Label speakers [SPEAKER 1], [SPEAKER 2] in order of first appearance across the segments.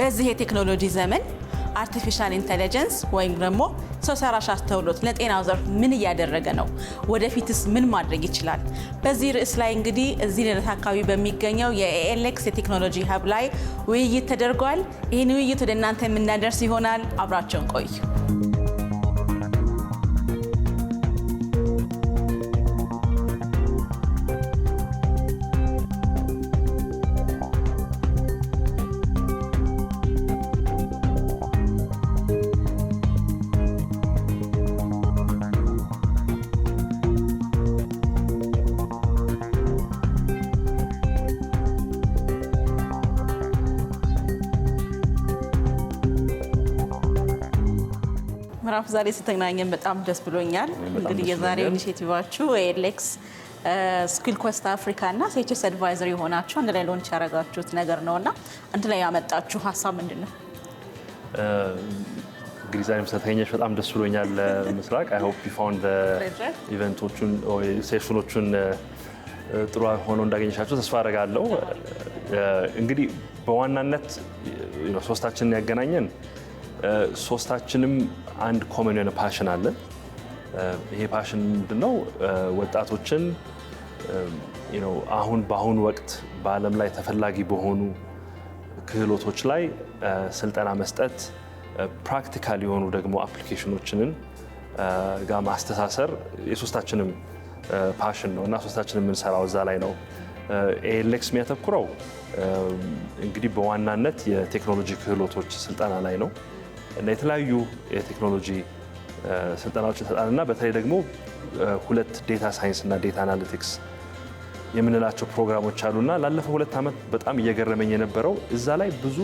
[SPEAKER 1] በዚህ የቴክኖሎጂ ዘመን አርቲፊሻል ኢንቴሊጀንስ ወይም ደግሞ ሰው ሰራሽ አስተውሎት ለጤናው ዘርፍ ምን እያደረገ ነው? ወደፊትስ ምን ማድረግ ይችላል? በዚህ ርዕስ ላይ እንግዲህ እዚህ ልደት አካባቢ በሚገኘው የኤኤልኤክስ የቴክኖሎጂ ሀብ ላይ ውይይት ተደርጓል። ይህን ውይይት ወደ እናንተ የምናደርስ ይሆናል። አብራቸውን ቆዩ።
[SPEAKER 2] ምራፍ ዛሬ ስተገናኘን በጣም ደስ ብሎኛል። እንግዲህ የዛሬው ኢኒሽቲቫችሁ ኤሌክስ ስኪል ኮስት አፍሪካ እና ሴችስ አድቫይዘር የሆናችሁ አንድ ላይ ሎንች ያደረጋችሁት ነገር ነው እና አንድ ላይ ያመጣችሁ ሀሳብ ምንድን ነው? እንግዲህ ዛሬ ስለተገኘች በጣም ደስ ብሎኛል። ምስራቅ አይ ሆፕ ዩ ፋውንድ ኢቨንቶቹን ሴሽኖቹን ጥሩ ሆኖ እንዳገኘሻቸው ተስፋ አደርጋለሁ። እንግዲህ በዋናነት ሶስታችንን ያገናኘን ሶስታችንም አንድ ኮመን የሆነ ፓሽን አለን። ይሄ ፓሽን ምንድነው? ወጣቶችን አሁን በአሁኑ ወቅት በዓለም ላይ ተፈላጊ በሆኑ ክህሎቶች ላይ ስልጠና መስጠት፣ ፕራክቲካል የሆኑ ደግሞ አፕሊኬሽኖችንን ጋር ማስተሳሰር የሶስታችንም ፓሽን ነው እና ሶስታችን የምንሰራው እዛ ላይ ነው። ኤሌክስ የሚያተኩረው እንግዲህ በዋናነት የቴክኖሎጂ ክህሎቶች ስልጠና ላይ ነው። እና የተለያዩ የቴክኖሎጂ ስልጠናዎች እንሰጣለን እና በተለይ ደግሞ ሁለት ዴታ ሳይንስ እና ዴታ አናሊቲክስ የምንላቸው ፕሮግራሞች አሉና ላለፈው ሁለት ዓመት በጣም እየገረመኝ የነበረው እዛ ላይ ብዙ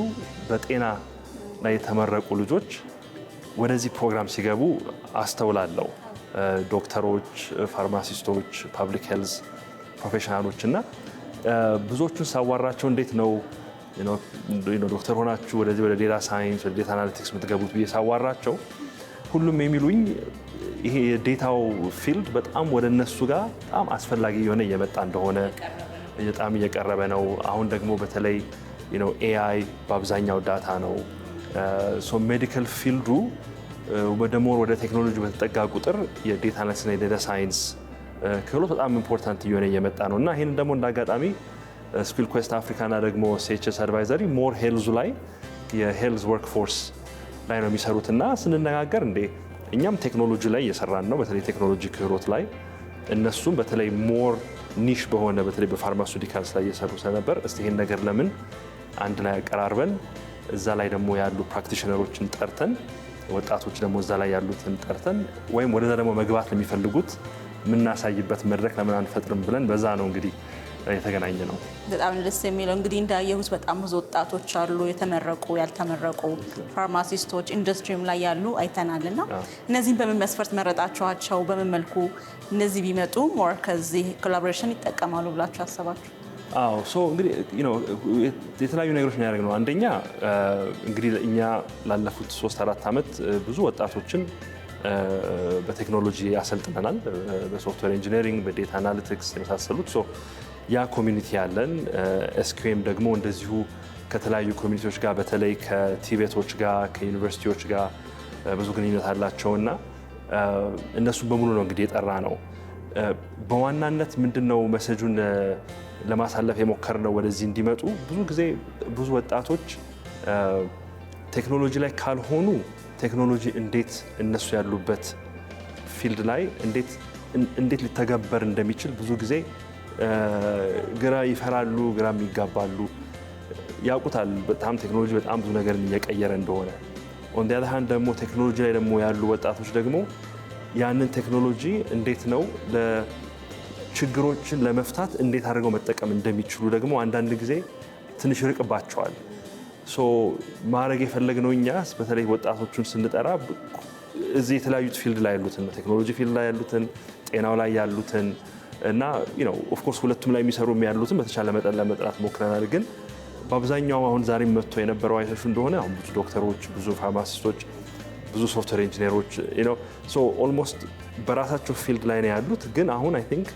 [SPEAKER 2] በጤና ላይ የተመረቁ ልጆች ወደዚህ ፕሮግራም ሲገቡ አስተውላለሁ። ዶክተሮች፣ ፋርማሲስቶች፣ ፓብሊክ ሄልዝ ፕሮፌሽናሎች እና ብዙዎቹን ሳዋራቸው እንዴት ነው ዶክተር ሆናችሁ ወደዚህ ወደ ዴታ ሳይንስ ወደ ዴታ አናሊቲክስ የምትገቡት ብዬ ሳዋራቸው ሁሉም የሚሉኝ ይሄ የዴታው ፊልድ በጣም ወደ እነሱ ጋር በጣም አስፈላጊ የሆነ እየመጣ እንደሆነ በጣም እየቀረበ ነው። አሁን ደግሞ በተለይ ኤአይ በአብዛኛው ዳታ ነው። ሜዲካል ፊልዱ ደግሞ ወደ ቴክኖሎጂ በተጠጋ ቁጥር የዴታ ና የዴታ ሳይንስ ክህሎት በጣም ኢምፖርታንት እየሆነ እየመጣ ነው እና ይህንን ደግሞ እንዳጋጣሚ ስፒል ኩዌስት አፍሪካና ደግሞ ሲኤችኤስ አድቫይዘሪ ሞር ሄልዙ ላይ የሄልዝ ወርክፎርስ ላይ ነው የሚሰሩት እና ስንነጋገር እንዴ እኛም ቴክኖሎጂ ላይ እየሰራን ነው፣ በተለይ ቴክኖሎጂ ክህሎት ላይ እነሱም በተለይ ሞር ኒሽ በሆነ በተለይ በፋርማሱቲካልስ ላይ እየሰሩ ስለነበር እስቲ ይህን ነገር ለምን አንድ ላይ አቀራርበን እዛ ላይ ደግሞ ያሉ ፕራክቲሽነሮችን ጠርተን ወጣቶች ደግሞ እዛ ላይ ያሉትን ጠርተን ወይም ወደዛ ደግሞ መግባት ለሚፈልጉት የምናሳይበት መድረክ ለምን አንፈጥርም ብለን በዛ ነው እንግዲህ የተገናኘ ነው። በጣም ደስ የሚለው እንግዲህ እንዳየሁት በጣም ብዙ ወጣቶች አሉ፣ የተመረቁ ያልተመረቁ፣ ፋርማሲስቶች ኢንዱስትሪም ላይ ያሉ አይተናል። እና እነዚህም በምን መስፈርት መረጣችኋቸው? በምን መልኩ እነዚህ ቢመጡ ሞር ከዚህ ኮላቦሬሽን ይጠቀማሉ ብላችሁ አሰባችሁ? አዎ እንግዲህ የተለያዩ ነገሮች ነው ያደረግነው። አንደኛ እንግዲህ እኛ ላለፉት ሶስት አራት ዓመት ብዙ ወጣቶችን በቴክኖሎጂ ያሰልጥነናል። በሶፍትዌር ኢንጂነሪንግ፣ በዴታ አናሊቲክስ የመሳሰሉት ያ ኮሚኒቲ ያለን ኤስኪኤም ደግሞ እንደዚሁ ከተለያዩ ኮሚኒቲዎች ጋር በተለይ ከቲቤቶች ጋር ከዩኒቨርሲቲዎች ጋር ብዙ ግንኙነት አላቸው እና እነሱን በሙሉ ነው እንግዲህ የጠራ ነው። በዋናነት ምንድን ነው መሰጁን ለማሳለፍ ነው ወደዚህ እንዲመጡ ብዙ ጊዜ ብዙ ወጣቶች ቴክኖሎጂ ላይ ካልሆኑ ቴክኖሎጂ እንዴት እነሱ ያሉበት ፊልድ ላይ እንዴት ሊተገበር እንደሚችል ብዙ ጊዜ ግራ ይፈራሉ፣ ግራም ይጋባሉ። ያውቁታል በጣም ቴክኖሎጂ በጣም ብዙ ነገር እየቀየረ እንደሆነ። ኦን አዘር ሃንድ ደግሞ ቴክኖሎጂ ላይ ደግሞ ያሉ ወጣቶች ደግሞ ያንን ቴክኖሎጂ እንዴት ነው ችግሮችን ለመፍታት እንዴት አድርገው መጠቀም እንደሚችሉ ደግሞ አንዳንድ ጊዜ ትንሽ ርቅባቸዋል። ሶ ማድረግ የፈለግነው እኛ በተለይ ወጣቶቹን ስንጠራ እዚህ የተለያዩት ፊልድ ላይ ያሉትን ቴክኖሎጂ ፊልድ ላይ ያሉትን ጤናው ላይ ያሉትን እና ኦፍኮርስ ሁለቱም ላይ የሚሰሩ ያሉትን በተቻለ መጠን ለመጥራት ሞክረናል። ግን በአብዛኛው አሁን ዛሬ መጥቶ የነበረው አይተሹ እንደሆነ አሁን ብዙ ዶክተሮች፣ ብዙ ፋርማሲስቶች፣ ብዙ ሶፍትዌር ኢንጂነሮች ኦልሞስት በራሳቸው ፊልድ ላይ ነው ያሉት። ግን አሁን አይ ቲንክ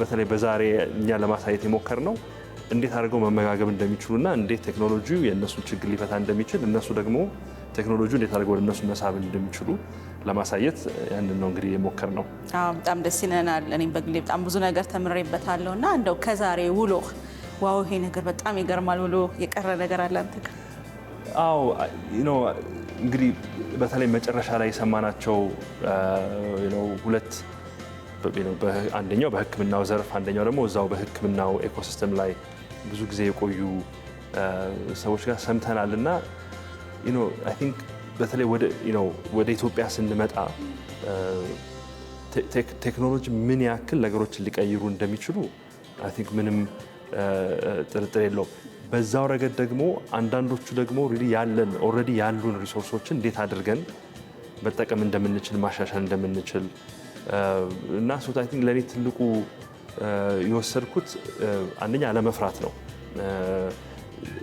[SPEAKER 2] በተለይ በዛሬ እኛ ለማሳየት የሞከር ነው እንዴት አድርገው መመጋገብ እንደሚችሉና እንዴት ቴክኖሎጂ የእነሱን ችግር ሊፈታ እንደሚችል እነሱ ደግሞ ቴክኖሎጂ እንዴት አድርገው ወደ እነሱ መሳብ እንደሚችሉ ለማሳየት ያንን ነው እንግዲህ የሞከር ነው። በጣም ደስ ይለናል። እኔም በግሌ በጣም ብዙ ነገር ተምሬበታለሁ እና እንደው ከዛሬ ውሎ ዋው ይሄ ነገር በጣም ይገርማል ብሎ የቀረ ነገር አለ አንተ ጋር? አዎ ነው እንግዲህ በተለይ መጨረሻ ላይ የሰማናቸው ሁለት አንደኛው በሕክምናው ዘርፍ አንደኛው ደግሞ እዛው በሕክምናው ኤኮሲስተም ላይ ብዙ ጊዜ የቆዩ ሰዎች ጋር ሰምተናል እና በተለይ ወደ ኢትዮጵያ ስንመጣ ቴክኖሎጂ ምን ያክል ነገሮችን ሊቀይሩ እንደሚችሉ ምንም ጥርጥር የለውም። በዛው ረገድ ደግሞ አንዳንዶቹ ደግሞ ያለን ኦልሬዲ ያሉን ሪሶርሶችን እንዴት አድርገን መጠቀም እንደምንችል ማሻሻል እንደምንችል እና ሶ ለእኔ ትልቁ የወሰድኩት አንደኛ አለመፍራት ነው።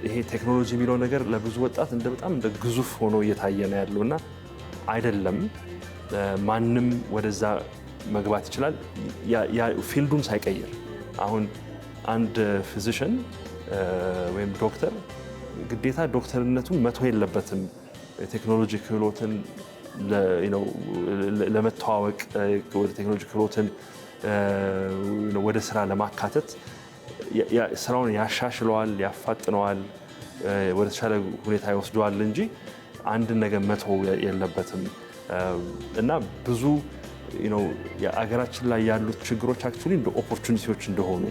[SPEAKER 2] ይሄ ቴክኖሎጂ የሚለው ነገር ለብዙ ወጣት እንደ በጣም እንደ ግዙፍ ሆኖ እየታየ ነው ያለው እና አይደለም፣ ማንም ወደዛ መግባት ይችላል ፊልዱን ሳይቀይር። አሁን አንድ ፊዚሽን ወይም ዶክተር ግዴታ ዶክተርነቱን መቶ የለበትም። ቴክኖሎጂ ክህሎትን ለመተዋወቅ ወደ ቴክኖሎጂ ክህሎትን ወደ ስራ ለማካተት ስራውን ያሻሽለዋል፣ ያፋጥነዋል፣ ወደ ተሻለ ሁኔታ ይወስደዋል እንጂ አንድን ነገር መተው የለበትም እና ብዙ አገራችን ላይ ያሉት ችግሮች አክቹዋሊ እንደ ኦፖርቹኒቲዎች እንደሆኑ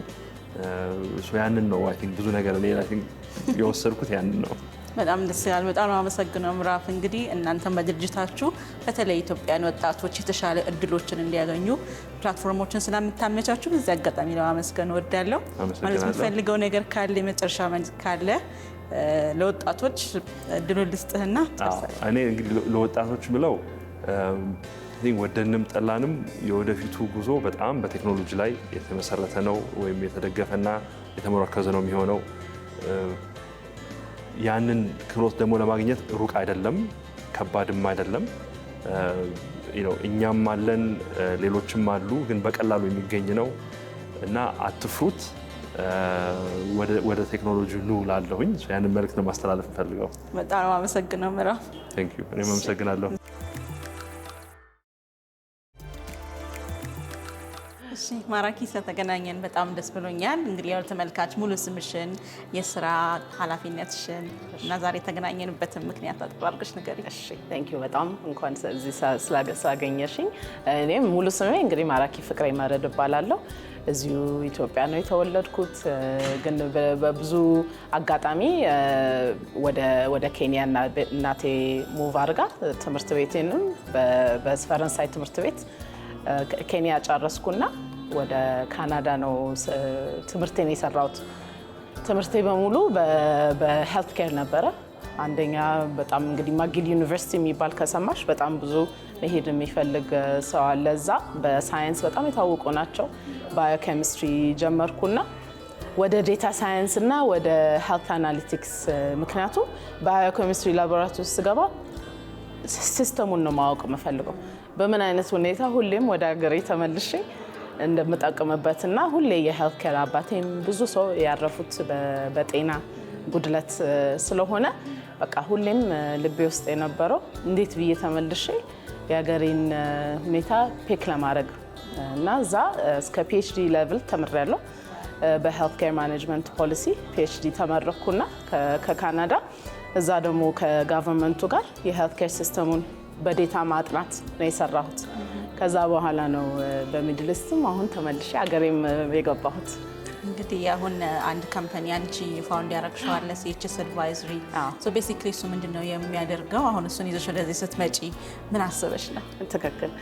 [SPEAKER 2] ያንን ነው ብዙ ነገር የወሰድኩት ያንን ነው። በጣም ደስ ይላል። በጣም አመሰግነው ምራፍ። እንግዲህ እናንተም በድርጅታችሁ በተለይ ኢትዮጵያን ወጣቶች የተሻለ እድሎችን እንዲያገኙ ፕላትፎርሞችን ስለምታመቻችሁ በዚህ አጋጣሚ ለማመስገን እወዳለሁ። ማለት የምፈልገው ነገር ካለ የመጨረሻ ካለ ለወጣቶች እድሉ ልስጥህና እኔ እንግዲህ ለወጣቶች ብለው ወደንም ጠላንም የወደፊቱ ጉዞ በጣም በቴክኖሎጂ ላይ የተመሰረተ ነው ወይም የተደገፈና የተመረከዘ ነው የሚሆነው ያንን ክህሎት ደግሞ ለማግኘት ሩቅ አይደለም፣ ከባድም አይደለም። እኛም አለን፣ ሌሎችም አሉ፣ ግን በቀላሉ የሚገኝ ነው እና አትፍሩት። ወደ ቴክኖሎጂ ኑ ላለሁኝ ያንን መልእክት ነው ማስተላለፍ እንፈልገው። በጣም አመሰግነው ምዕራፍ። እኔም አመሰግናለሁ። እሺ ማራኪ ስለተገናኘን በጣም ደስ ብሎኛል። እንግዲህ ያው ተመልካች ሙሉ ስምሽን፣ የስራ ኃላፊነትሽን እና ዛሬ የተገናኘንበትን ምክንያት አጥብቅ ነገር። ንገሪኝ። እሺ ቴንክ ዩ በጣም እንኳን እዚህ ስላገኘሽኝ። እኔም ሙሉ ስሜ እንግዲህ ማራኪ ፍቅሬ መረድ እባላለሁ። እዚሁ ኢትዮጵያ ነው የተወለድኩት፣ ግን በብዙ አጋጣሚ ወደ ኬንያ እናቴ ሙቭ አድርጋ ትምህርት ቤቴንም በፈረንሳይ ትምህርት ቤት ኬንያ ጨረስኩና ወደ ካናዳ ነው ትምህርቴን የሰራሁት። ትምህርቴ በሙሉ በሄልት ኬር ነበረ። አንደኛ በጣም እንግዲህ ማጊል ዩኒቨርሲቲ የሚባል ከሰማሽ በጣም ብዙ መሄድ የሚፈልግ ሰው አለ እዛ። በሳይንስ በጣም የታወቁ ናቸው። ባዮኬሚስትሪ ጀመርኩና ወደ ዴታ ሳይንስ እና ወደ ሄልት አናሊቲክስ ምክንያቱም ባዮኬሚስትሪ ላቦራቶሪ ውስጥ ስገባ ሲስተሙን ነው ማወቅ የምፈልገው በምን አይነት ሁኔታ ሁሌም ወደ ሀገሬ ተመልሼ እንደምጠቅምበት እና ሁሌ የሄልት ኬር አባቴም ብዙ ሰው ያረፉት በጤና ጉድለት ስለሆነ በቃ ሁሌም ልቤ ውስጥ የነበረው እንዴት ብዬ ተመልሼ የሀገሬን ሁኔታ ፔክ ለማድረግ እና እዛ እስከ ፒኤችዲ ሌቭል ተምሬያለሁ። በሄልት ኬር ማኔጅመንት ፖሊሲ ፒኤችዲ ተመረኩና ከካናዳ እዛ ደግሞ ከጋቨርንመንቱ ጋር የሄልት ኬር ሲስተሙን በዴታ ማጥናት ነው የሰራሁት። ከዛ በኋላ ነው በሚድልስትም አሁን ተመልሼ አገሬም የገባሁት። እንግዲህ አሁን አንድ ካምፓኒ አንቺ ፋውንድ ያረግሸዋለ ሲኤችኤስ አድቫይዘሪ ቤሲክሊ እሱ ምንድን ነው የሚያደርገው? አሁን እሱን ይዘሽ ወደዚህ ስትመጪ ምን አስበሽ ነው? ትክክል።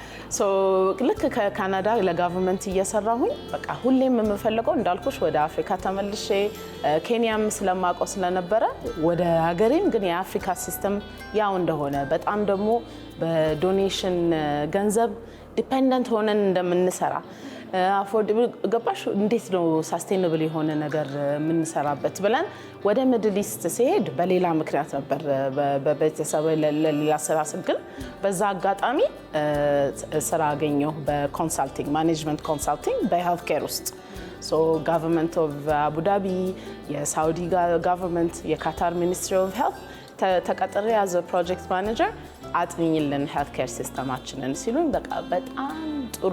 [SPEAKER 2] ልክ ከካናዳ ለጋቨርንመንት እየሰራሁኝ በቃ ሁሌም የምፈልገው እንዳልኩሽ ወደ አፍሪካ ተመልሼ ኬንያም ስለማውቀው ስለነበረ ወደ ሀገሬም ግን የአፍሪካ ሲስተም ያው እንደሆነ በጣም ደግሞ በዶኔሽን ገንዘብ ዲፐንደንት ሆነን እንደምንሰራ አፎርደብል ገባሽ፣ እንዴት ነው ሳስቴነብል የሆነ ነገር የምንሰራበት ብለን ወደ ምድል ኢስት ሲሄድ በሌላ ምክንያት ነበር፣ በቤተሰብ ለሌላ ስራ ስግል በዛ አጋጣሚ ስራ አገኘሁ በኮንሳልቲንግ ማኔጅመንት ኮንሳልቲንግ በሄልት ኬር ውስጥ ጋቨርንመንት ኦፍ አቡዳቢ፣ የሳውዲ ጋቨርንመንት፣ የካታር ሚኒስትሪ ኦፍ ሄልት ተቀጥሬ ያዘ ፕሮጀክት ማኔጀር አጥንኝልን ሄልትኬር ኬር ሲስተማችንን ሲሉን በቃ በጣም ጥሩ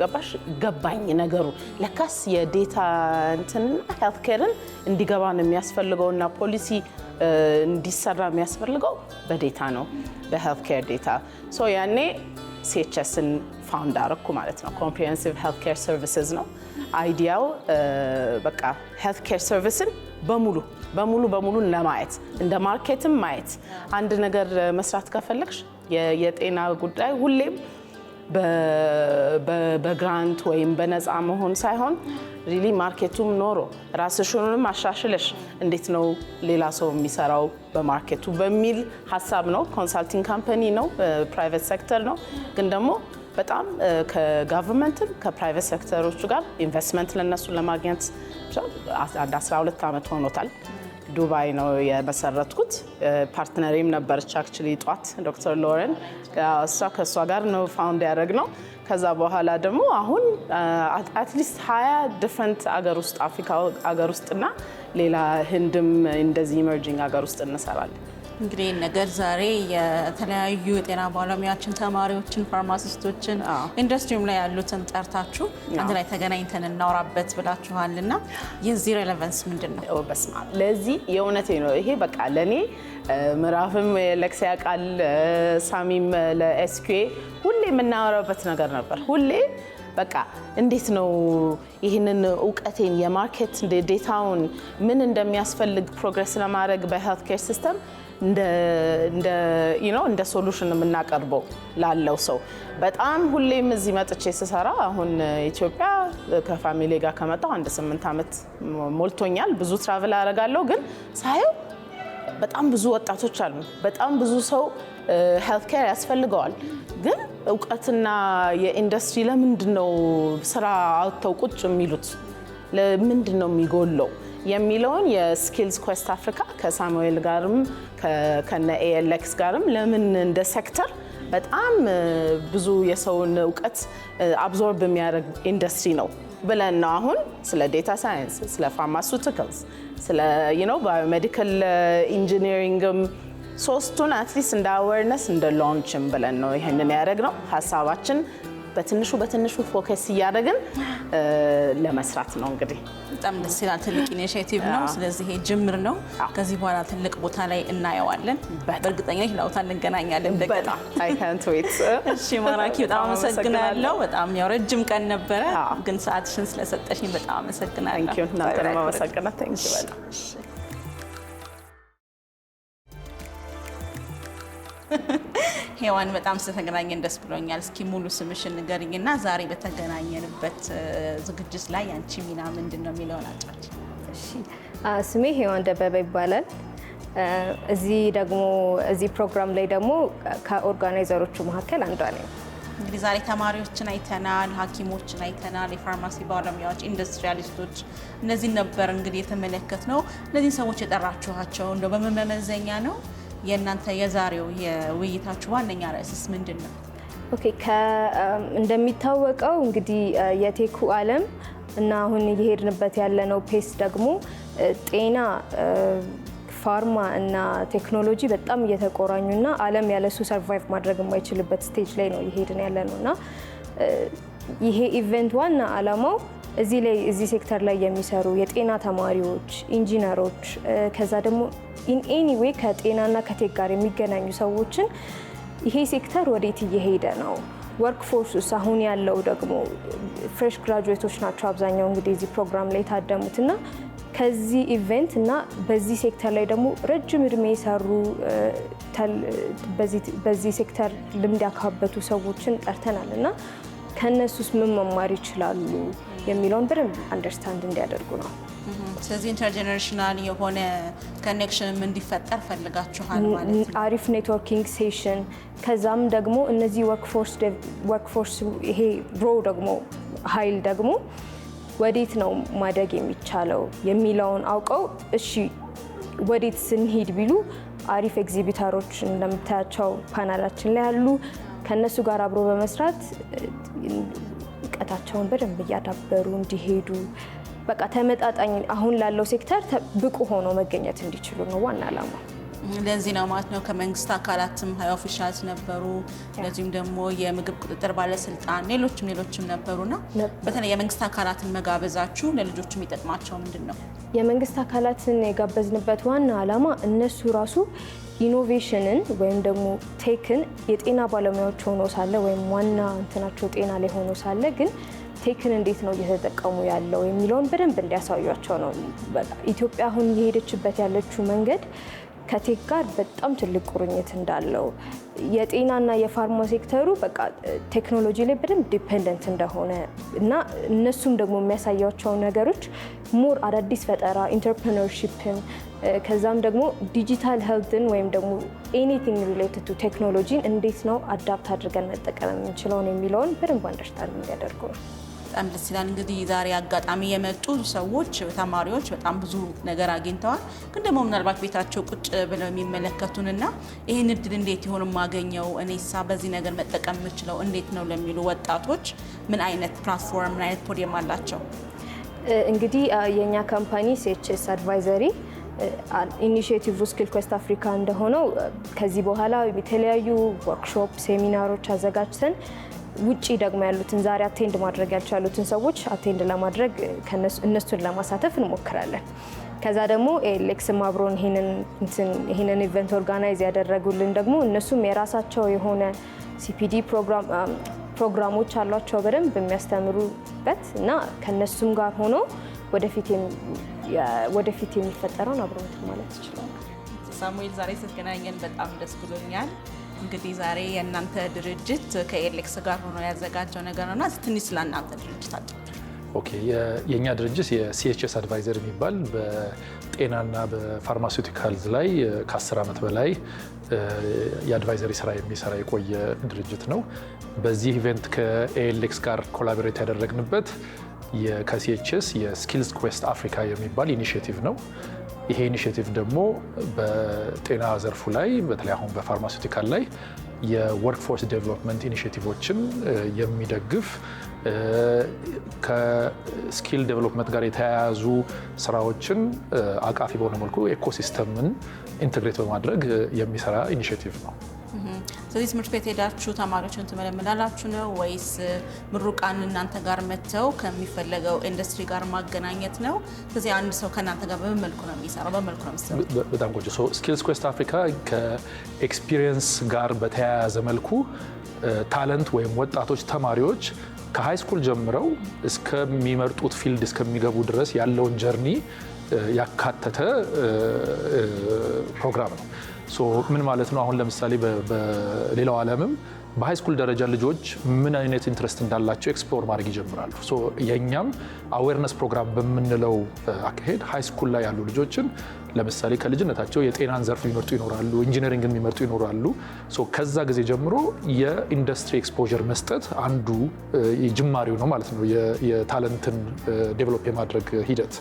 [SPEAKER 2] ገባሽ ገባኝ ነገሩ። ለካስ የዴታ እንትንና ሄልትኬርን እንዲገባ ነው የሚያስፈልገውና ፖሊሲ እንዲሰራ የሚያስፈልገው በዴታ ነው፣ በሄልትኬር ኬር ዴታ። ሶ ያኔ ሲኤችኤስን ፋውንድ አረኩ ማለት ነው። ኮምፕሪሄንሲቭ ሄልትኬር ሰርቪስዝ ሰርቪስስ ነው አይዲያው። በቃ ሄልትኬር ኬር ሰርቪስን በሙሉ በሙሉ በሙሉ ለማየት እንደ ማርኬትም ማየት አንድ ነገር መስራት ከፈለግሽ የጤና ጉዳይ ሁሌም በግራንት ወይም በነፃ መሆን ሳይሆን ሪሊ ማርኬቱም ኖሮ ራስሽንም አሻሽለሽ እንዴት ነው ሌላ ሰው የሚሰራው በማርኬቱ በሚል ሀሳብ ነው። ኮንሳልቲንግ ካምፓኒ ነው፣ ፕራይቬት ሴክተር ነው። ግን ደግሞ በጣም ከጋቨርንመንትም ከፕራይቬት ሴክተሮቹ ጋር ኢንቨስትመንት ለነሱ ለማግኘት አንድ 12 ዓመት ሆኖታል። ዱባይ ነው የመሰረትኩት። ፓርትነሪም ነበረች አክቹዋሊ ጧት ዶክተር ሎረን እሷ ከእሷ ጋር ነው ፋውንድ ያደረግ ነው። ከዛ በኋላ ደግሞ አሁን አትሊስት ሀያ ዲፍረንት አገር ውስጥ አፍሪካ አገር ውስጥና ሌላ ህንድም እንደዚህ ኢመርጂንግ አገር ውስጥ እንሰራለን። እንግዲህ ነገር ዛሬ የተለያዩ የጤና ባለሙያችን፣ ተማሪዎችን፣ ፋርማሲስቶችን ኢንዱስትሪም ላይ ያሉትን ጠርታችሁ አንድ ላይ ተገናኝተን እናውራበት ብላችኋል እና የዚህ ሬሌቨንስ ምንድን ነው? በስመ ለዚህ የእውነቴ ነው ይሄ በቃ ለእኔ ምዕራፍም ለክስ ያውቃል ሳሚም ለኤስኪኤ ሁሌ የምናወራበት ነገር ነበር ሁሌ በቃ እንዴት ነው ይህንን እውቀቴን የማርኬት ዴታውን ምን እንደሚያስፈልግ ፕሮግረስ ለማድረግ በሄልት ኬር ሲስተም እንደ ሶሉሽን የምናቀርበው ላለው ሰው በጣም ሁሌም እዚህ መጥቼ ስሰራ አሁን ኢትዮጵያ ከፋሚሊ ጋር ከመጣሁ አንድ ስምንት ዓመት ሞልቶኛል። ብዙ ትራቭል አደርጋለሁ፣ ግን ሳየው በጣም ብዙ ወጣቶች አሉ። በጣም ብዙ ሰው ሄልት ኬር ያስፈልገዋል፣ ግን እውቀትና የኢንዱስትሪ ለምንድን ነው ስራ አውጥተው ቁጭ የሚሉት? ለምንድን ነው የሚጎለው? የሚለውን የስኪልስ ኮስት አፍሪካ ከሳሙኤል ጋርም ከነ ኤልክስ ጋርም ለምን እንደ ሴክተር በጣም ብዙ የሰውን እውቀት አብዞርብ የሚያደርግ ኢንዱስትሪ ነው ብለን ነው አሁን ስለ ዴታ ሳይንስ፣ ስለ ፋርማሱቲካልስ፣ ስለ ባዮሜዲካል ኢንጂኒሪንግም ሶስቱን አትሊስት እንደ አዌርነስ እንደ ሎንችም ብለን ነው ይህንን ያደረግ ነው ሀሳባችን በትንሹ በትንሹ ፎከስ እያደረግን ለመስራት ነው። እንግዲህ በጣም ደስ ይላል። ትልቅ ኢኒሽቲቭ ነው። ስለዚህ ጅምር ነው። ከዚህ በኋላ ትልቅ ቦታ ላይ እናየዋለን። በእርግጠኛ ለውታን እንገናኛለን። በጣም እሺ፣ ማራኪ በጣም አመሰግናለሁ። በጣም ያው ረጅም ቀን ነበረ፣ ግን ሰዓትሽን ስለሰጠሽኝ በጣም አመሰግናለሁ። ሄዋን በጣም ስለተገናኘን ደስ ብሎኛል። እስኪ ሙሉ ስምሽን ንገሪኝና ዛሬ በተገናኘንበት ዝግጅት ላይ ያንቺ ሚና ምንድን ነው የሚለውን አጫች። ስሜ ሄዋን ደበበ ይባላል። እዚህ ደግሞ እዚህ ፕሮግራም ላይ ደግሞ ከኦርጋናይዘሮቹ መካከል አንዷ ነኝ። እንግዲህ ዛሬ ተማሪዎችን አይተናል፣ ሐኪሞችን አይተናል፣ የፋርማሲ ባለሙያዎች፣ ኢንዱስትሪያሊስቶች እነዚህን ነበር እንግዲህ የተመለከት ነው። እነዚህን ሰዎች የጠራችኋቸው እንደው በመመዘኛ ነው የእናንተ የዛሬው የውይይታችሁ ዋነኛ ርዕስስ ምንድን ነው? ኦኬ እንደሚታወቀው እንግዲህ የቴኩ ዓለም እና አሁን እየሄድንበት ያለነው ፔስ ደግሞ ጤና ፋርማ እና ቴክኖሎጂ በጣም እየተቆራኙና ዓለም ያለሱ ሰርቫይቭ ማድረግ የማይችልበት ስቴጅ ላይ ነው እየሄድን ያለ ነው እና ይሄ ኢቨንት ዋና ዓላማው እዚህ ላይ እዚህ ሴክተር ላይ የሚሰሩ የጤና ተማሪዎች፣ ኢንጂነሮች ከዛ ደግሞ ኢን ኤኒ ዌይ ከጤናና ከቴክ ጋር የሚገናኙ ሰዎችን ይሄ ሴክተር ወዴት እየሄደ ነው? ወርክፎርስ ውስጥ አሁን ያለው ደግሞ ፍሬሽ ግራጁዌቶች ናቸው አብዛኛው እንግዲህ እዚህ ፕሮግራም ላይ የታደሙት እና ከዚህ ኢቨንት እና በዚህ ሴክተር ላይ ደግሞ ረጅም እድሜ የሰሩ በዚህ ሴክተር ልምድ ያካበቱ ሰዎችን ጠርተናል እና ውስጥ ምን መማር ይችላሉ የሚለውን በደንብ አንደርስታንድ እንዲያደርጉ ነው። ስለዚህ ኢንተርጀነሬሽናል የሆነ ኮኔክሽንም እንዲፈጠር ፈልጋችኋል ማለት ነው። አሪፍ ኔትወርኪንግ ሴሽን፣ ከዛም ደግሞ እነዚህ ወርክፎርስ ይሄ ሮ ደግሞ ሀይል ደግሞ ወዴት ነው ማደግ የሚቻለው የሚለውን አውቀው እሺ ወዴት ስንሄድ ቢሉ አሪፍ ኤግዚቢተሮች እንደምታያቸው ፓናላችን ላይ ያሉ ከእነሱ ጋር አብሮ በመስራት እውቀታቸውን በደንብ እያዳበሩ እንዲሄዱ በቃ ተመጣጣኝ አሁን ላለው ሴክተር ብቁ ሆኖ መገኘት እንዲችሉ ነው ዋና ዓላማ። ለዚህ ነው ማለት ነው ከመንግስት አካላትም ሀይ ኦፊሻልስ ነበሩ፣ እንደዚሁም ደግሞ የምግብ ቁጥጥር ባለስልጣን፣ ሌሎችም ሌሎችም ነበሩና በተለይ የመንግስት አካላትን መጋበዛችሁ ለልጆች የሚጠቅማቸው ምንድን ነው? የመንግስት አካላትን የጋበዝንበት ዋና ዓላማ እነሱ ራሱ ኢኖቬሽንን ወይም ደግሞ ቴክን የጤና ባለሙያዎች ሆኖ ሳለ ወይም ዋና እንትናቸው ጤና ላይ ሆኖ ሳለ ግን ቴክን እንዴት ነው እየተጠቀሙ ያለው የሚለውን በደንብ እንዲያሳዩቸው ነው። ኢትዮጵያ አሁን እየሄደችበት ያለችው መንገድ ከቴክ ጋር በጣም ትልቅ ቁርኝት እንዳለው የጤናና የፋርማ ሴክተሩ በቃ ቴክኖሎጂ ላይ በደንብ ዲፔንደንት እንደሆነ እና እነሱም ደግሞ የሚያሳያቸው ነገሮች ሞር አዳዲስ ፈጠራ ኢንተርፕረነርሺፕን ከዛም ደግሞ ዲጂታል ሄልትን ወይም ደግሞ ኤኒቲንግ ሪሌትድ ቱ ቴክኖሎጂን እንዴት ነው አዳፕት አድርገን መጠቀም የምንችለውን የሚለውን በደንብ አንደርስታንድ እንዲያደርጉ ነው። በጣም ደስ ይላል። እንግዲህ ዛሬ አጋጣሚ የመጡ ሰዎች ተማሪዎች በጣም ብዙ ነገር አግኝተዋል። ግን ደግሞ ምናልባት ቤታቸው ቁጭ ብለው የሚመለከቱንና ይህን እድል እንዴት ይሆን የማገኘው እኔሳ በዚህ ነገር መጠቀም የምችለው እንዴት ነው ለሚሉ ወጣቶች ምን አይነት ፕላትፎርም ምን አይነት ፖዲየም አላቸው? እንግዲህ የእኛ ካምፓኒ ሴችስ አድቫይዘሪ ኢኒሽቲቭ ስኪል ኩዌስት አፍሪካ እንደሆነው ከዚህ በኋላ የተለያዩ ወርክሾፕ ሴሚናሮች አዘጋጅተን ውጪ ደግሞ ያሉትን ዛሬ አቴንድ ማድረግ ያልቻሉትን ሰዎች አቴንድ ለማድረግ እነሱን ለማሳተፍ እንሞክራለን። ከዛ ደግሞ ኤሌክስም አብሮን ይህንን ኢቨንት ኦርጋናይዝ ያደረጉልን ደግሞ እነሱም የራሳቸው የሆነ ሲፒዲ ፕሮግራሞች አሏቸው በደንብ የሚያስተምሩበት እና ከነሱም ጋር ሆኖ ወደፊት የሚፈጠረውን አብረት ማለት ይችላል። ሳሙኤል ዛሬ ስትገናኘን በጣም ደስ ብሎኛል። እንግዲህ ዛሬ የእናንተ ድርጅት ከኤሌክስ ጋር ሆኖ ያዘጋጀው ነገር ነውና ትንሽ ስለ እናንተ ድርጅት አጫውታል። ኦኬ የእኛ ድርጅት የሲኤችኤስ አድቫይዘር የሚባል በጤናና በፋርማሲውቲካልዝ ላይ ከ10 ዓመት በላይ የአድቫይዘሪ ስራ የሚሰራ የቆየ ድርጅት ነው። በዚህ ኢቨንት ከኤኤልኤክስ ጋር ኮላቦሬት ያደረግንበት ከሲኤችኤስ የስኪልስ ኩዌስት አፍሪካ የሚባል ኢኒሽቲቭ ነው። ይሄ ኢኒሽቲቭ ደግሞ በጤና ዘርፉ ላይ በተለይ አሁን በፋርማሲውቲካል ላይ የወርክፎርስ ዴቨሎፕመንት ኢኒሽቲቮችን የሚደግፍ ከስኪል ዴቨሎፕመንት ጋር የተያያዙ ስራዎችን አቃፊ በሆነ መልኩ ኢኮሲስተምን ኢንተግሬት በማድረግ የሚሰራ ኢኒሽቲቭ ነው። ስለዚህ ትምህርት ቤት ሄዳችሁ ተማሪዎችን ትመለምላላችሁ ነው ወይስ ምሩቃን እናንተ ጋር መጥተው ከሚፈለገው ኢንዱስትሪ ጋር ማገናኘት ነው? ስለዚህ አንድ ሰው ከእናንተ ጋር በምን መልኩ ነው የሚሰራው? በመልኩ ነው የሚሰሩት? በጣም ሶ ስኪልስ ኩዌስት አፍሪካ ከኤክስፒሪየንስ ጋር በተያያዘ መልኩ ታለንት ወይም ወጣቶች ተማሪዎች ከሃይ ስኩል ጀምረው እስከሚመርጡት ፊልድ እስከሚገቡ ድረስ ያለውን ጀርኒ ያካተተ ፕሮግራም ነው። ምን ማለት ነው? አሁን ለምሳሌ በሌላው ዓለምም በሃይስኩል ደረጃ ልጆች ምን አይነት ኢንትረስት እንዳላቸው ኤክስፕሎር ማድረግ ይጀምራሉ። የእኛም አዌርነስ ፕሮግራም በምንለው አካሄድ ሃይስኩል ላይ ያሉ ልጆችን ለምሳሌ ከልጅነታቸው የጤናን ዘርፍ የሚመርጡ ይኖራሉ፣ ኢንጂነሪንግን የሚመርጡ ይኖራሉ። ከዛ ጊዜ ጀምሮ የኢንዱስትሪ ኤክስፖዠር መስጠት አንዱ ጅማሬው ነው ማለት ነው የታለንትን ዴቨሎፕ የማድረግ ሂደት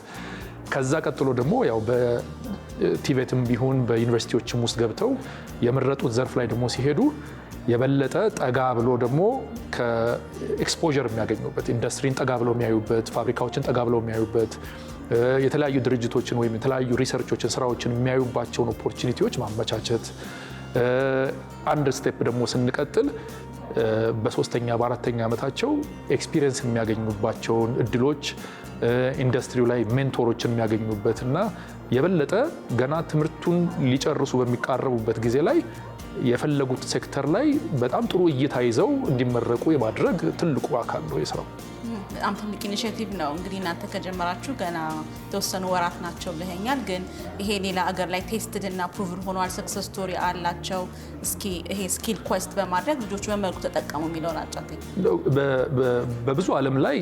[SPEAKER 2] ከዛ ቀጥሎ ደግሞ ያው ቲቤትም ቢሆን በዩኒቨርሲቲዎችም ውስጥ ገብተው የመረጡት ዘርፍ ላይ ደግሞ ሲሄዱ የበለጠ ጠጋ ብሎ ደግሞ ከኤክስፖዠር የሚያገኙበት ኢንዱስትሪን ጠጋ ብሎ የሚያዩበት፣ ፋብሪካዎችን ጠጋ ብሎ የሚያዩበት፣ የተለያዩ ድርጅቶችን ወይም የተለያዩ ሪሰርቾችን፣ ስራዎችን የሚያዩባቸውን ኦፖርቹኒቲዎች ማመቻቸት አንድ ስቴፕ ደግሞ ስንቀጥል በሶስተኛ በአራተኛ ዓመታቸው ኤክስፒሪየንስ የሚያገኙባቸውን እድሎች ኢንዱስትሪው ላይ ሜንቶሮችን እና የበለጠ ገና ትምህርቱን ሊጨርሱ በሚቃረቡበት ጊዜ ላይ የፈለጉት ሴክተር ላይ በጣም ጥሩ እይታ ይዘው እንዲመረቁ የማድረግ ትልቁ አካል ነው የስራው። በጣም ትልቅ ኢኒሽቲቭ ነው። እንግዲህ እናንተ ከጀመራችሁ ገና የተወሰኑ ወራት ናቸው ብለኛል። ግን ይሄ ሌላ አገር ላይ ቴስትድ እና ፕሩቭን ሆኗል፣ ሰክሰስ ስቶሪ አላቸው። እስኪ ይሄ ስኪል ኮስት በማድረግ ልጆቹ በመልኩ ተጠቀሙ የሚለውን አጫት በብዙ ዓለም ላይ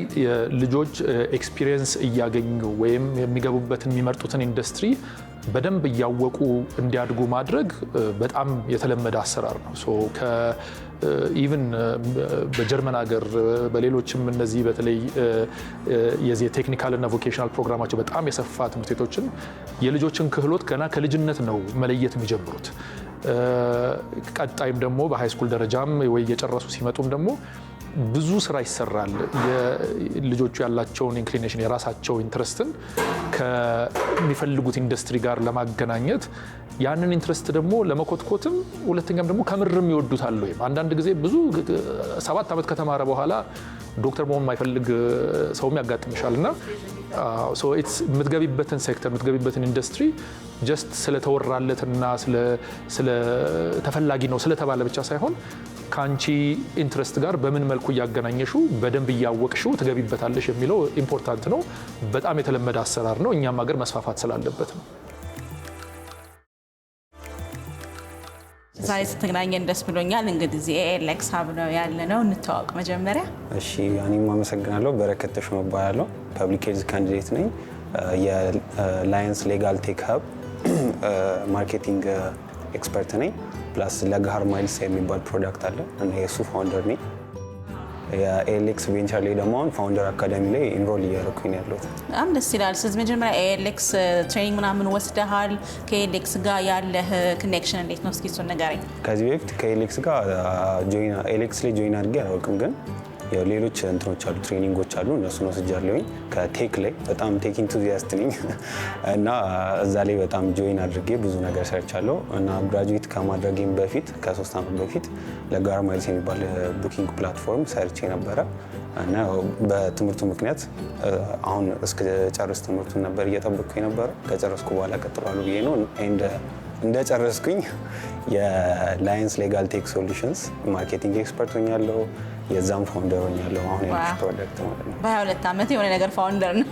[SPEAKER 2] ልጆች ኤክስፒሪየንስ እያገኙ ወይም የሚገቡበትን የሚመርጡትን ኢንደስትሪ ኢንዱስትሪ በደንብ እያወቁ እንዲያድጉ ማድረግ በጣም የተለመደ አሰራር ነው። ኢቭን በጀርመን ሀገር በሌሎችም እነዚህ በተለይ የዚህ ቴክኒካል እና ቮኬሽናል ፕሮግራማቸው በጣም የሰፋ ትምህርት ቤቶችን የልጆችን ክህሎት ገና ከልጅነት ነው መለየት የሚጀምሩት። ቀጣይም ደግሞ በሃይስኩል ደረጃም ወይ እየጨረሱ ሲመጡም ደግሞ ብዙ ስራ ይሰራል። ልጆቹ ያላቸውን ኢንክሊኔሽን የራሳቸው ኢንትረስትን ከሚፈልጉት ኢንዱስትሪ ጋር ለማገናኘት ያንን ኢንትረስት ደግሞ ለመኮትኮትም ሁለተኛም ደግሞ ከምርም ይወዱታል። ወይም አንዳንድ ጊዜ ብዙ ሰባት ዓመት ከተማረ በኋላ ዶክተር መሆን የማይፈልግ ሰውም ያጋጥምሻል እና የምትገቢበትን ሴክተር የምትገቢበትን ኢንዱስትሪ ጀስት ስለተወራለትና ስለተፈላጊ ነው ስለተባለ ብቻ ሳይሆን ከአንቺ ኢንትረስት ጋር በምን መልኩ እያገናኘሹ በደንብ እያወቅሽው ትገቢበታለሽ የሚለው ኢምፖርታንት ነው። በጣም የተለመደ አሰራር ነው። እኛም ሀገር መስፋፋት ስላለበት ነው። ዛሬ ተገናኘን፣ ደስ ብሎኛል። እንግዲህ ኤሌክስ ሀብ ነው ያለ ነው። እንተዋወቅ መጀመሪያ። እሺ፣ እኔም አመሰግናለሁ። በረከት ተሾመ እባላለሁ። ፐብሊክ ሄልዝ ካንዲዴት ነኝ። የላየንስ ሌጋል ቴክ ሀብ ማርኬቲንግ ኤክስፐርት ነኝ። ፕላስ ለጋር ማይልስ የሚባል ፕሮዳክት አለ እና የእሱ ፋውንደር ነኝ። የኤሌክስ ቬንቸር ላይ ደግሞ አሁን ፋውንደር አካደሚ ላይ ኢንሮል እያደረኩኝ ነው ያለሁት። በጣም ደስ ይላል። ስለዚህ መጀመሪያ ኤሌክስ ትሬኒንግ uh, ምናምን ወስደሃል። ከኤሌክስ ጋር ያለህ ኮኔክሽን እንዴት ነው? እስኪ እሱን ንገረኝ። ከዚህ በፊት ከኤሌክስ ጋር uh, ኤሌክስ ላይ ጆይን አድርጌ አላውቅም ግን ሌሎች እንትኖች አሉ፣ ትሬኒንጎች አሉ። እነሱን ወስጃለሁኝ ከቴክ ላይ በጣም ቴክ ኢንቱዚያስት ነኝ እና እዛ ላይ በጣም ጆይን አድርጌ ብዙ ነገር ሰርቻለሁ እና ግራጁዌት ከማድረጌም በፊት ከሶስት ዓመት በፊት ለጋርማይልስ የሚባል ቡኪንግ ፕላትፎርም ሰርቼ ነበረ እና በትምህርቱ ምክንያት አሁን እስከ ጨርስ ትምህርቱን ነበር እየጠበቅኩ የነበረ ከጨረስኩ በኋላ ቀጥሏሉ ብዬ ነው እንደጨረስኩኝ የላይንስ ሌጋል ቴክ ሶሉሽንስ ማርኬቲንግ ኤክስፐርት ሆኛለሁ። የዛም ፋውንደር ሆኛለሁ። አሁን ያለሽ ፕሮጀክት ማለት ነው። በሀያ ሁለት ዓመት የሆነ ነገር ፋውንደር ነው።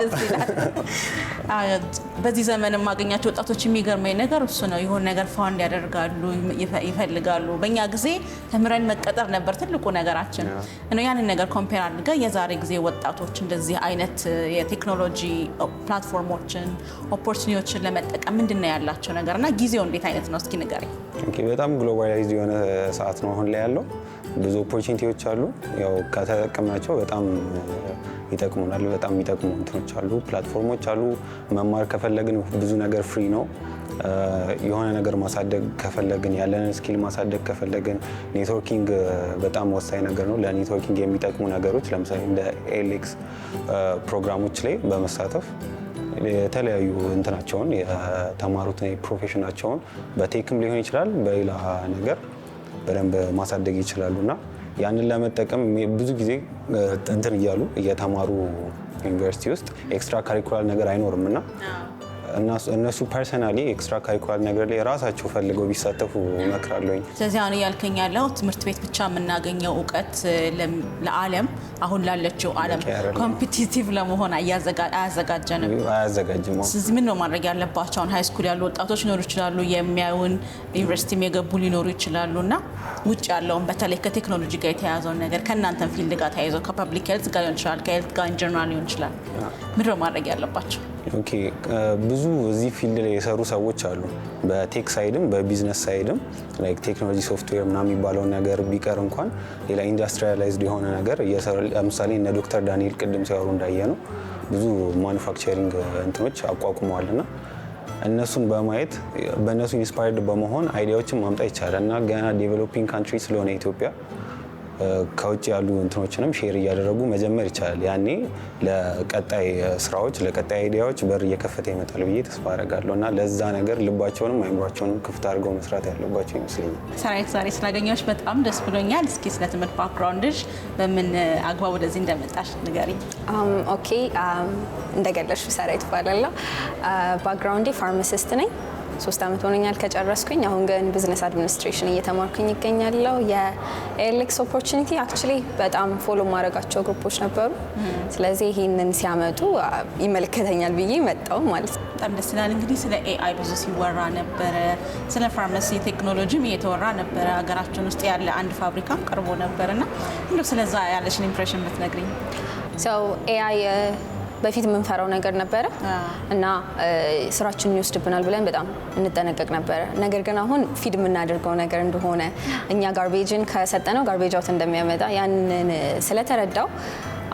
[SPEAKER 2] ደስ ይላል። በዚህ ዘመን የማገኛቸው ወጣቶች የሚገርመኝ ነገር እሱ ነው። የሆነ ነገር ፋውንድ ያደርጋሉ፣ ይፈልጋሉ። በእኛ ጊዜ ተምረን መቀጠር ነበር ትልቁ ነገራችን እነ ያንን ነገር ኮምፔር አድርገ የዛሬ ጊዜ ወጣቶች እንደዚህ አይነት የቴክኖሎጂ ፕላትፎርሞችን ኦፖርቹኒቲዎችን ለመጠቀም ምንድን ነው ያላቸው ነገር እና ጊዜው እንዴት አይነት ነው? እስኪ ንገረኝ። በጣም ግሎባላይዝ የሆነ ሰዓት ነው አሁን ላይ ያለው ብዙ ኦፖርቹኒቲዎች አሉ። ያው ከተጠቀምናቸው በጣም uh, ይጠቅሙናል። በጣም የሚጠቅሙ እንትኖች አሉ፣ ፕላትፎርሞች አሉ። መማር ከፈለግን ብዙ ነገር ፍሪ ነው። uh, የሆነ ነገር ማሳደግ ከፈለግን ያለንን ስኪል ማሳደግ ከፈለግን ኔትወርኪንግ uh, በጣም ወሳኝ ነገር ነው። ለኔትወርኪንግ የሚጠቅሙ ነገሮች ለምሳሌ እንደ ኤሌክስ ፕሮግራሞች ላይ በመሳተፍ የተለያዩ እንትናቸውን የተማሩትን ፕሮፌሽናቸውን በቴክም ሊሆን ይችላል በሌላ ነገር በደንብ ማሳደግ ይችላሉ እና ያንን ለመጠቀም ብዙ ጊዜ እንትን እያሉ እየተማሩ ዩኒቨርሲቲ ውስጥ ኤክስትራ ካሪኩላል ነገር አይኖርም እና እነሱ ፐርሰናሊ ኤክስትራ ካሪኩላል ነገር ላይ ራሳቸው ፈልገው ቢሳተፉ እመክራለሁኝ። ስለዚህ አሁን እያልከኝ ያለው ትምህርት ቤት ብቻ የምናገኘው እውቀት ለዓለም አሁን ላለችው ዓለም ኮምፒቲቲቭ ለመሆን አያዘጋጀንም። ስለዚህ ምን ነው ማድረግ ያለባቸው? አሁን ሃይስኩል ያሉ ወጣቶች ሊኖሩ ይችላሉ፣ የሚያዩን ዩኒቨርሲቲም የገቡ ሊኖሩ ይችላሉ እና ውጭ ያለውን በተለይ ከቴክኖሎጂ ጋር የተያያዘውን ነገር ከእናንተን ፊልድ ጋር ተያይዘው ከፐብሊክ ሄልት ጋር ሊሆን ይችላል፣ ከሄልት ጋር ኢንጀነራል ሊሆን ይችላል፣ ምን ነው ማድረግ ያለባቸው? ኦኬ ብዙ እዚህ ፊልድ ላይ የሰሩ ሰዎች አሉ። በቴክ ሳይድም በቢዝነስ ሳይድም ላይክ ቴክኖሎጂ ሶፍትዌር ምናምን የሚባለው ነገር ቢቀር እንኳን ሌላ ኢንዱስትሪያላይዝድ የሆነ ነገር ለምሳሌ እነ ዶክተር ዳንኤል ቅድም ሲያወሩ እንዳየ ነው ብዙ ማኑፋክቸሪንግ እንትኖች አቋቁመዋል እና እነሱን በማየት በእነሱ ኢንስፓየርድ በመሆን አይዲያዎችን ማምጣት ይቻላል እና ገና ዴቨሎፒንግ ካንትሪ ስለሆነ ኢትዮጵያ ከውጭ ያሉ እንትኖችንም ሼር እያደረጉ መጀመር ይቻላል። ያኔ ለቀጣይ ስራዎች፣ ለቀጣይ አይዲያዎች በር እየከፈተ ይመጣል ብዬ ተስፋ አደርጋለሁ እና ለዛ ነገር ልባቸውንም አይምሯቸውንም ክፍት አድርገው መስራት ያለባቸው ይመስለኛል። ሰራዊት ዛሬ ስላገኘሁሽ በጣም ደስ ብሎኛል። እስኪ ስለ ትምህርት ባክግራውንድሽ በምን አግባብ ወደዚህ እንደመጣሽ ንገሪ። ኦኬ፣ እንደገለሽ ሰራዊት እባላለሁ። ባክግራውንዴ ፋርማሲስት ነኝ። ሶስት አመት ሆነኛል ከጨረስኩኝ። አሁን ግን ቢዝነስ አድሚኒስትሬሽን እየተማርኩኝ ይገኛለሁ። የኤሌክስ ኦፖርቹኒቲ አክቹሊ በጣም ፎሎ ማድረጋቸው ግሩፖች ነበሩ። ስለዚህ ይህንን ሲያመጡ ይመለከተኛል ብዬ መጣው ማለት ነው። በጣም ደስ ይላል። እንግዲህ ስለ ኤአይ ብዙ ሲወራ ነበረ፣ ስለ ፋርማሲ ቴክኖሎጂም እየተወራ ነበረ። ሀገራችን ውስጥ ያለ አንድ ፋብሪካም ቀርቦ ነበር እና እንደው ስለዛ ያለሽን ኢምፕሬሽን ብትነግሪኝ። ኤአይ በፊት የምንፈራው ነገር ነበረ እና ስራችንን ይወስድብናል ብለን በጣም እንጠነቀቅ ነበረ። ነገር ግን አሁን ፊድ የምናደርገው ነገር እንደሆነ እኛ ጋርቤጅን ከሰጠነው ጋርቤጅ አውት እንደሚያመጣ ያንን ስለተረዳው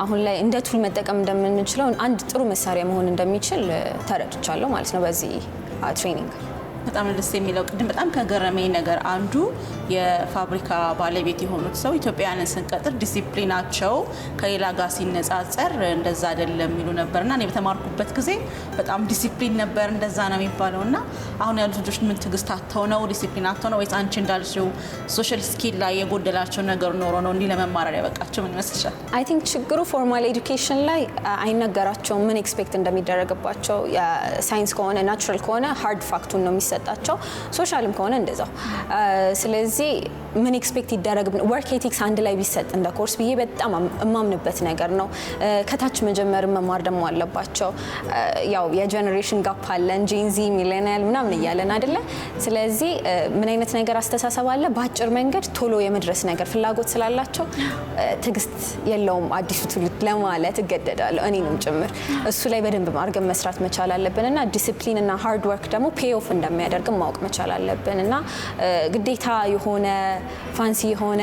[SPEAKER 2] አሁን ላይ እንደ ቱል መጠቀም እንደምንችለው አንድ ጥሩ መሳሪያ መሆን እንደሚችል ተረድቻለሁ ማለት ነው በዚህ ትሬኒንግ በጣም ደስ የሚለው ቅድም በጣም ከገረመኝ ነገር አንዱ የፋብሪካ ባለቤት የሆኑት ሰው ኢትዮጵያውያንን ስንቀጥር ዲሲፕሊናቸው ከሌላ ጋር ሲነጻጸር እንደዛ አይደለም የሚሉ ነበርና እኔ በተማርኩበት ጊዜ በጣም ዲሲፕሊን ነበር እንደዛ ነው የሚባለው እና አሁን ያሉት ልጆች ምን ትግስት አተው ነው ዲሲፕሊን አተው ነው ወይስ አንቺ እንዳልሽው ሶሻል ስኪል ላይ የጎደላቸው ነገር ኖሮ ነው እንዲህ ለመማራር ያበቃቸው ምን ይመስልሻል? አይ ቲንክ ችግሩ ፎርማል ኤዱኬሽን ላይ አይነገራቸውም ምን ኤክስፔክት እንደሚደረግባቸው ሳይንስ ከሆነ ናቹራል ከሆነ ሀርድ ፋክቱን ነው የሚሰ የሚሰጣቸው ሶሻልም ከሆነ እንደዛው። ስለዚህ ምን ኤክስፔክት ይደረግ ወርክ ኤቲክስ አንድ ላይ ቢሰጥ እንደ ኮርስ ብዬ በጣም እማምንበት ነገር ነው። ከታች መጀመር መማር ደግሞ አለባቸው። ያው የጀኔሬሽን ጋፕ አለን ጄንዚ ሚሌኒያል ምናምን እያለን አይደለ? ስለዚህ ምን አይነት ነገር አስተሳሰብ አለ? በአጭር መንገድ ቶሎ የመድረስ ነገር ፍላጎት ስላላቸው ትግስት የለውም አዲሱ ትውልድ ለማለት እገደዳለሁ እኔንም ጭምር። እሱ ላይ በደንብ አድርገን መስራት መቻል አለብን እና ዲስፕሊን እና ሃርድ ወርክ ደግሞ ፔይ ኦፍ እንደሚያ እንደሚያደርግም ማወቅ መቻል አለብን እና ግዴታ የሆነ ፋንሲ የሆነ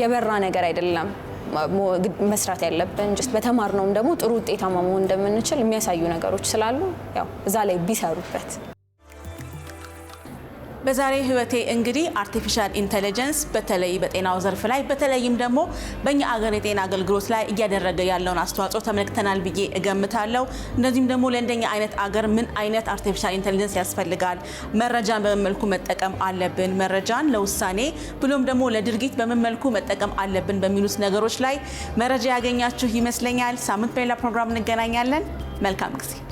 [SPEAKER 2] የበራ ነገር አይደለም መስራት ያለብን ስ ነውም ደግሞ ጥሩ ውጤታማ መሆን እንደምንችል የሚያሳዩ ነገሮች ስላሉ ያው እዛ ላይ ቢሰሩበት በዛሬ ህይወቴ እንግዲህ አርቲፊሻል ኢንቴሊጀንስ በተለይ በጤናው ዘርፍ ላይ በተለይም ደግሞ በእኛ አገር የጤና አገልግሎት ላይ እያደረገ ያለውን አስተዋጽኦ ተመልክተናል ብዬ እገምታለሁ። እንደዚሁም ደግሞ ለእንደኛ አይነት አገር ምን አይነት አርቲፊሻል ኢንቴሊጀንስ ያስፈልጋል፣ መረጃን በምን መልኩ መጠቀም አለብን፣ መረጃን ለውሳኔ ብሎም ደግሞ ለድርጊት በምን መልኩ መጠቀም አለብን በሚሉት ነገሮች ላይ መረጃ ያገኛችሁ ይመስለኛል። ሳምንት በሌላ ፕሮግራም እንገናኛለን። መልካም ጊዜ